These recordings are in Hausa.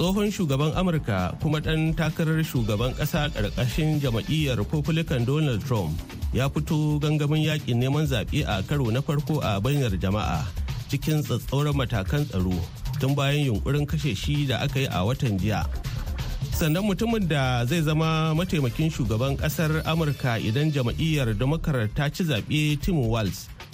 tsohon shugaban amurka kuma ɗan takarar shugaban ƙasa ƙarƙashin jam'iyyar republican donald trump ya fito gangamin yakin neman zaɓe a karo na farko a bayyar jama'a cikin tsatsauran matakan tsaro tun bayan yunkurin kashe shi da aka yi a watan jiya sannan mutumin da zai zama mataimakin shugaban ƙasar amurka idan jam'iyyar democrat ta ci zaɓe tim walz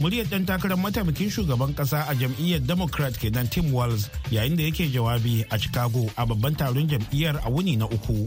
muryar ɗan takarar mataimakin shugaban ƙasa a jam'iyyar democrat kenan tim walz yayin da yake jawabi a chicago a babban taron jam'iyyar a wuni na uku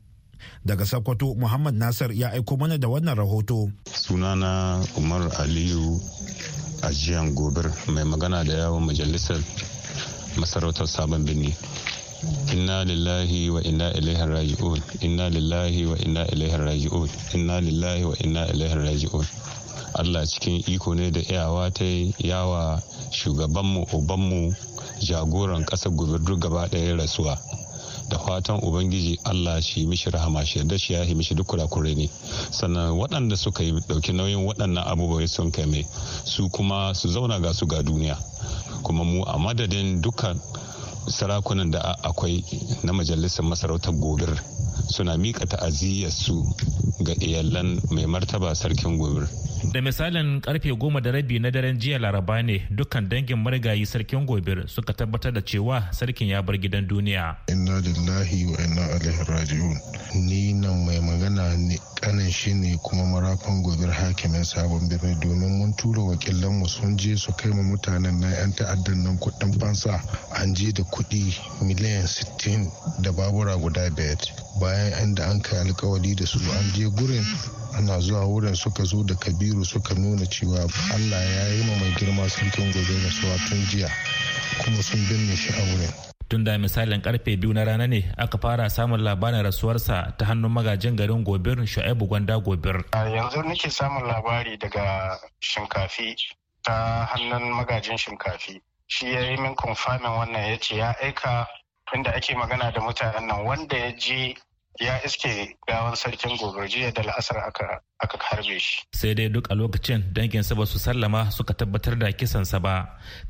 Daga Sokoto Muhammad Nasir ya aiko mana da wannan rahoto. Sunana Umar Aliyu a jiyan Gobir mai magana da yawon majalisar masarautar sabon birni. inna lillahi wa inna ilaihi raji'un inna lillahi wa inna ilaihi raji'un inna lillahi wa inna ilaihi raji'un Allah cikin iko ne da iyawa ta yawa shugabanmu obanmu jagoran ƙasar duk gaba ɗaya rasuwa da fatan ubangiji allah shi mishi rahama shi yarda shi ya yi mishi duk kurakure ne sannan waɗanda suka yi ɗauki nauyin waɗannan abubuwa sun kai su kuma su zauna ga su ga duniya kuma mu a madadin dukkan sarakunan da akwai na majalisar masarautar gobir suna miƙa su ga iyalan mai martaba sarkin gobir da misalin karfe goma da rabi na daren jiya laraba ne dukkan dangin marigayi sarkin gobir suka tabbatar da cewa sarkin ya bar gidan duniya inna lillahi wa inna ilaihi raji'un ni nan mai magana ne kanin shi ne kuma marafan gobir hakimin sabon birni domin mun tura wakilan mu sun je su kai mu mutanen na yan ta'addan nan kuɗin fansa an je da kuɗi miliyan 60 da babura guda biyar bayan inda an kai alkawari da su an je gurin ana zuwa wurin suka zo da kabiru suka nuna cewa allah ya yi ma mai girma sarkin gobe na suwa tun jiya kuma sun binne shi a wurin tun da misalin karfe biyu na rana ne aka fara samun labarin rasuwarsa ta hannun magajin garin gobir shu'aibu gwanda gobir yanzu nake samun labari daga shinkafi ta hannun magajin shinkafi shi ya yi min confirming wannan ya ce ya aika inda ake magana da mutanen nan wanda ya je ya iske gawan sarkin gobe jiya da la'asar aka harbe shi. Sai dai duk a lokacin danginsa ba su sallama suka tabbatar da kisansa ba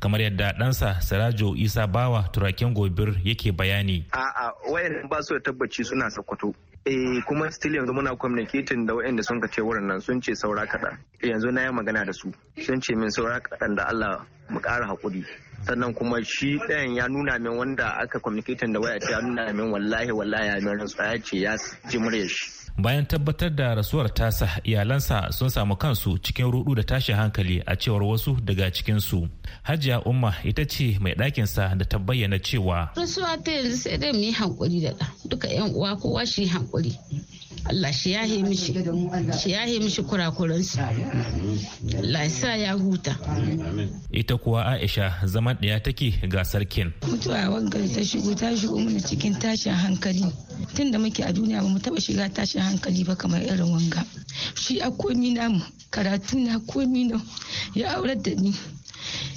kamar yadda ɗansa Sirajo Isa Bawa turakin gobir yake bayani. A'a wayan ba su da tabbaci suna sakwato. Eh kuma still yanzu muna communicating da wayanda sun kace wurin nan sun ce saura kaɗan. Yanzu na yi magana da su sun ce min saura kaɗan da Allah mu ƙara hakuri sannan kuma shi ɗayan ya nuna min wanda aka communicating da waya ya nuna min wallahi wallahi ya min rantsuwa ya ce ya ji muryar shi bayan tabbatar da rasuwar tasa iyalansa sun samu kansu cikin rudu da tashin hankali a cewar wasu daga cikinsu hajiya umma ita ce mai sa da ta bayyana cewa rasuwa ta yanzu sai dai mu yi hankuri da duka yan uwa kowa shi hankuri Allah shi yahe mishi shi yahe mishi su Allah sa ya huta ita kuwa Aisha zaman ɗaya take ga sarkin mutuwa wanga ta shigo ta shigo mana cikin tashin hankali tun da muke a duniya ba mu taba shiga tashin hankali ba kamar irin wanga shi a komi namu karatu na komi na ya aurar da ni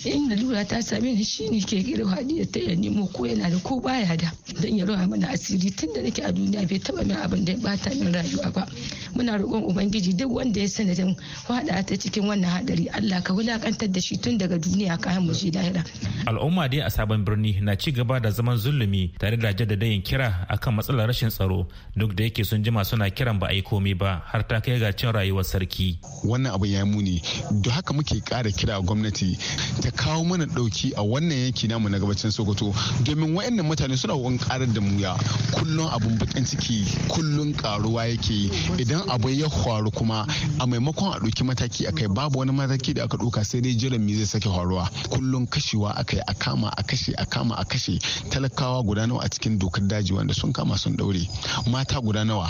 in lalura ta same ni shine ke gero hadiya ta ya nemo ko yana da ko baya da dan ya rawa mana asiri tun da nake a duniya bai taba min abin da ya bata min rayuwa ba muna roƙon ubangiji duk wanda ya sanadin hada ta cikin wannan hadari Allah ka wulakantar da shi tun daga duniya kayan mu shi lahira al'umma dai a sabon birni na ci gaba da zaman zulumi tare da yin kira akan matsalar rashin tsaro duk da yake sun jima suna kiran ba a yi komai ba har ta kai ga cin rayuwar sarki wannan abu ya muni don haka muke kara kira gwamnati ta kawo mana dauki a wannan yanki namu na gabacin sokoto domin wayannan mutane suna wani karar da muya kullum abun bakin ciki kullum karuwa yake idan abu ya faru kuma a maimakon a ɗauki mataki akai babu wani mataki da aka ɗauka sai dai jiran mi zai sake faruwa kullum kashewa akai a kama a kashe a kama a kashe talakawa guda nawa a cikin dokar daji wanda sun kama sun daure mata guda nawa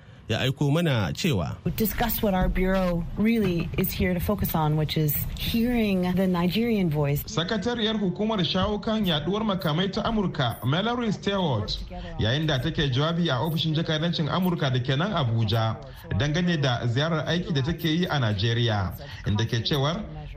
ya aiko mana cewa sakatariyar hukumar shawo kan yaduwar makamai ta Amurka Mallory Stewart yayin da take jawabi a ofishin jakadancin Amurka da ke nan Abuja dangane da ziyarar aiki da take yi a Najeriya inda ke cewar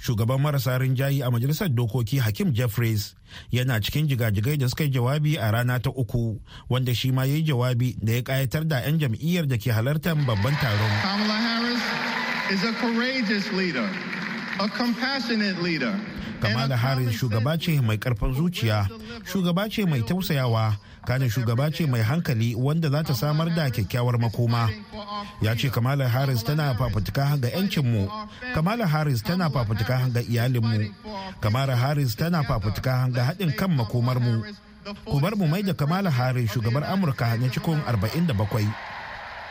shugaban marasa rinjayi a majalisar dokoki hakim jeffries yana cikin jigajigai da suka yi jawabi a rana ta uku wanda shi ma ya yi jawabi da ya kayatar da 'yan jam'iyyar da ke halartar babban taron kamala harris shugaba ce mai karfin zuciya shugaba ce mai tausayawa kane shugaba ce mai hankali wanda za ta samar da kyakkyawar makoma ya ce kamala harris tana fafutuka ga 'yancinmu kamala harris tana fafutuka ga iyalinmu kamala harris tana fafutuka ga haɗin kan makomarmu ku bar mu mai da kamala harris shugabar amurka na cikin 47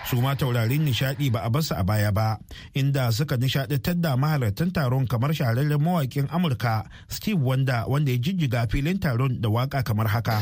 su ma taurarin nishadi ba a basu a baya ba inda suka nishadi da mahalartan taron kamar shahararren mawakin amurka steve wanda wanda ya jijjiga filin taron da waka kamar haka.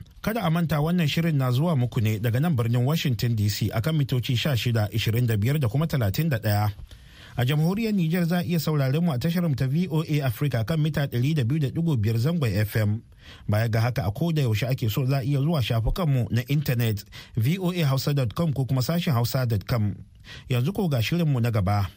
Kada a manta wannan shirin na zuwa muku ne daga nan birnin Washington DC akan mitoci 16, 25 da kuma 31. a jamhuriyar Nijar za a iya sauraren mu a tashar ta VOA Africa kan mita 200.5 zangon FM. Baya ga haka a koda yaushe ake so za a iya zuwa shafukan mu na intanet voahausa.com ko kuma sashen hausa.com. Yanzu ko ga shirin mu na gaba.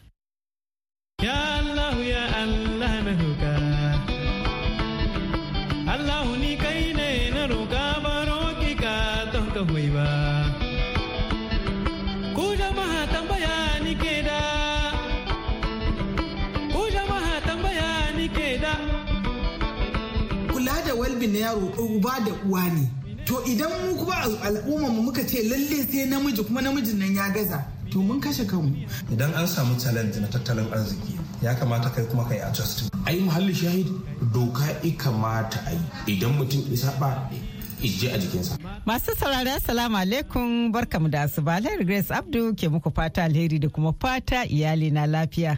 annabi na yaro uba da uwa ne to idan mu kuma al'umma mu muka ce lalle sai namiji kuma namijin nan ya gaza to mun kashe kanmu idan an samu challenge na tattalin arziki ya kamata kai kuma kai adjusting ai muhalli shahid doka i kamata ai idan mutum isa ba ije a jikinsa masu saurari assalamu alaikum barkamu da asuba alheri grace abdu ke muku fata alheri da kuma fata iyali na lafiya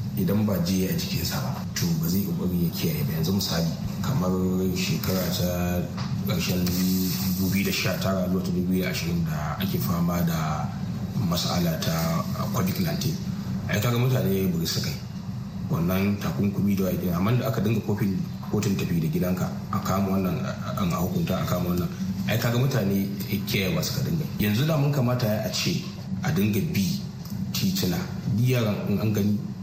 idan ba jiya a jikinsa ba to ba zai kokari ya kiyaye ba yanzu misali kamar shekara ta ƙarshen 2019 zuwa ta 2020 da ake fama da masala ta covid-19 a yi ga mutane ya buri sakai, wannan takunkumi da waje amma da aka dinga kofin kotun tafi da gidanka a kama wannan an a hukunta a kama wannan ai kaga mutane kiyaye ba suka dinga yanzu da mun kamata a ce a dinga bi titina yaran an gani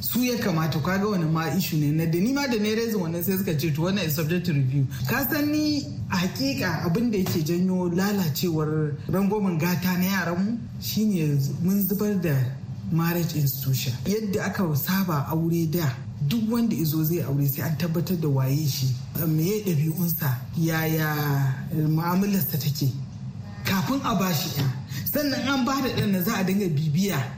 su ya kamata kaga wani ma ishu ne na da nima da ne rezin wannan sai suka ce to wannan is subject review ka san ni hakika abin da yake janyo lalacewar rangwamen gata na yaran mu shine mun zubar da marriage institution yadda aka saba aure da duk wanda izo zai aure sai an tabbatar da waye shi ya ɗabi'unsa yaya mu'amalarsa take kafin a bashi ɗan. sannan an ba da ɗan za a dinga bibiya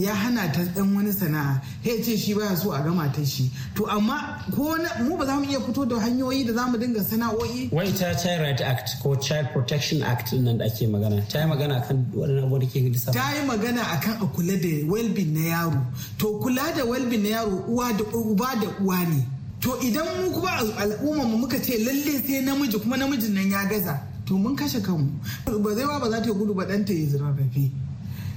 ya hana ta dan wani sana'a ya ce shi baya so a gama ta shi to amma ko mu ba za mu iya fito da hanyoyi da za mu dinga sana'o'i wai ta child right act ko child protection act nan da ake magana ta yi magana akan wannan abu da ke gidisa ta yi magana akan a kula da well na yaro to kula da well na yaro uwa da uba da uwa ne to idan mu kuma al'umma mu muka ce lalle sai namiji kuma namijin nan ya gaza to mun kashe kanmu ba zai ba za ta gudu ba ɗanta yi zirarrafe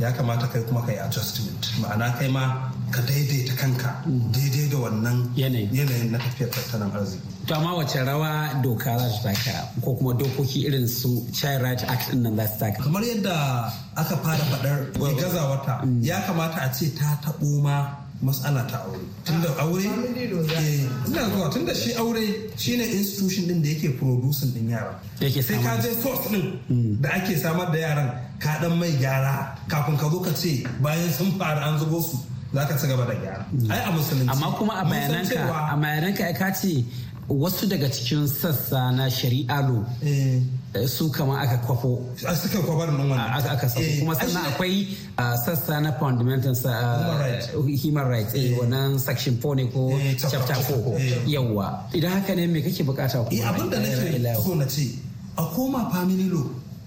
ya kamata kai kuma kai adjustment ma'ana kai ma ka daidaita kanka daidai da wannan yanayin na tafiyar tattalin arziki to amma wace rawa doka za su taka ko kuma dokoki irin su child right act din nan za su taka kamar yadda aka fara faɗar wata. Mm. ya kamata a ce ta taɓo ma matsala ta aure tunda aure ah, eh, ina zuwa tunda shi aure shine institution din da yake producing din yara sai ka source din hmm. da ake samar da yaran ka dan mai gyara kafin ka zo ka ce bayan sun fara an zubo su za ka ci gaba da gyara hmm. ai a musulunci amma kuma a bayananka a bayananka ka ce wasu daga cikin sassa na shari'a lo eh. Eh, su kama aka kwafo a ah, suka kwabar nan wannan ah, aka sa eh, kuma sannan akwai ah, sassa na fundamental human rights eh, wannan section 4 ne ko chapter 4 yawa idan haka ne me kake bukata ku abin da nake so na ce a koma family law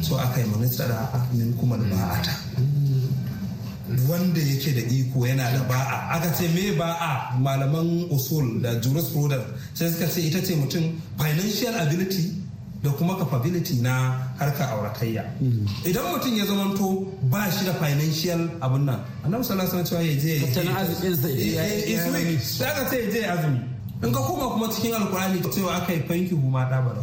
so aka yi manistara min kuma da ba'ata wanda yake da iko yana da ba'a aka ce me ba'a malaman usul da jurisprudence sai suka ce ita ce mutum financial ability da kuma capability na harkar auratayya idan mutum ya zamanto ba shi da financial abun nan annabi sallallahu alaihi wasallam ya je ya tana azumin sa ya yi eh, eh, eh, sai aka ce ya je azumi in ka koma kuma cikin alkurani cewa aka yi fanki huma da ba da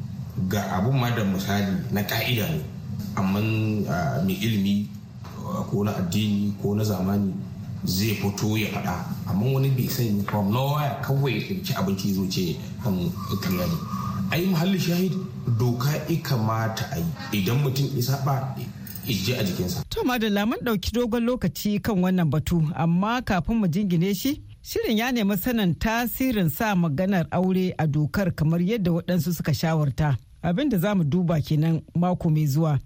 ga abun ma da misali na ka'ida ne amma mai ilimi ko na addini ko na zamani zai fito ya faɗa amma wani bai sani from nowhere kawai ya ci abinci zo ce kan kariya ne muhalli shahid doka ika mata a yi idan mutum isa ba ije a jikinsa. to da mun ɗauki dogon lokaci kan wannan batu amma kafin mu jingine shi Shirin ya nemi sanin tasirin sa maganar aure a dokar kamar yadda waɗansu suka shawarta. Abin da za mu duba kenan mako mai zuwa.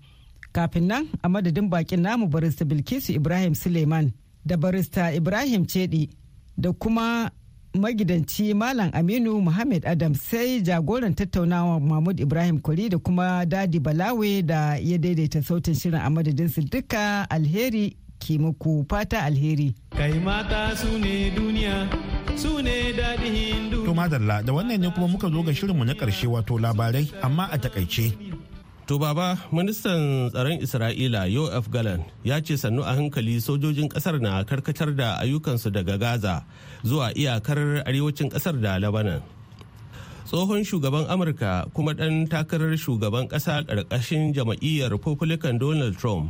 Kafin nan a madadin bakin namu barista Bilkisu Ibrahim Suleiman da barista Ibrahim Cedi da kuma magidanci Malam Aminu Muhammad Adam sai jagoran tattaunawa Mahmud Ibrahim Kwari da kuma Dadi Balawe da ya daidaita sautin shirin a madadinsu duka alheri ke muku fata alheri. Kai mata su ne duniya, su ne daɗin hindu. To madalla da wannan ne kuma muka zo ga shirinmu na ƙarshe wato labarai amma a takaice. To baba, ministan tsaron Isra'ila Yoav Galan ya ce sannu a hankali sojojin kasar na karkatar da ayyukansu daga Gaza zuwa iyakar arewacin kasar da Lebanon. Tsohon shugaban Amurka kuma ɗan takarar shugaban ƙasa ƙarƙashin jama'iyyar Republican Donald Trump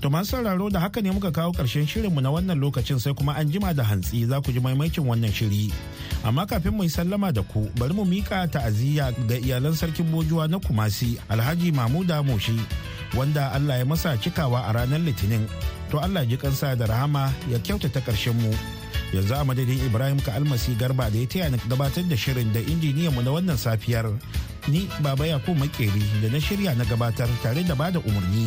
To masu sauraro da haka ne muka kawo ƙarshen mu na wannan lokacin sai kuma an jima da hantsi za ku ji maimakin wannan shiri. Amma kafin mu yi sallama da ku bari mu mika ta'aziyya ga iyalan sarkin bojuwa na Kumasi Alhaji Mamuda Moshi wanda Allah ya masa cikawa a ranar Litinin. To Allah ji kansa da rahama ya kyautata ƙarshen mu. Yanzu a madadin Ibrahim ka almasi garba da ya taya na gabatar da shirin da injiniyan mu na wannan safiyar. Ni Baba yakub Makeri da na shirya na gabatar tare da bada umarni.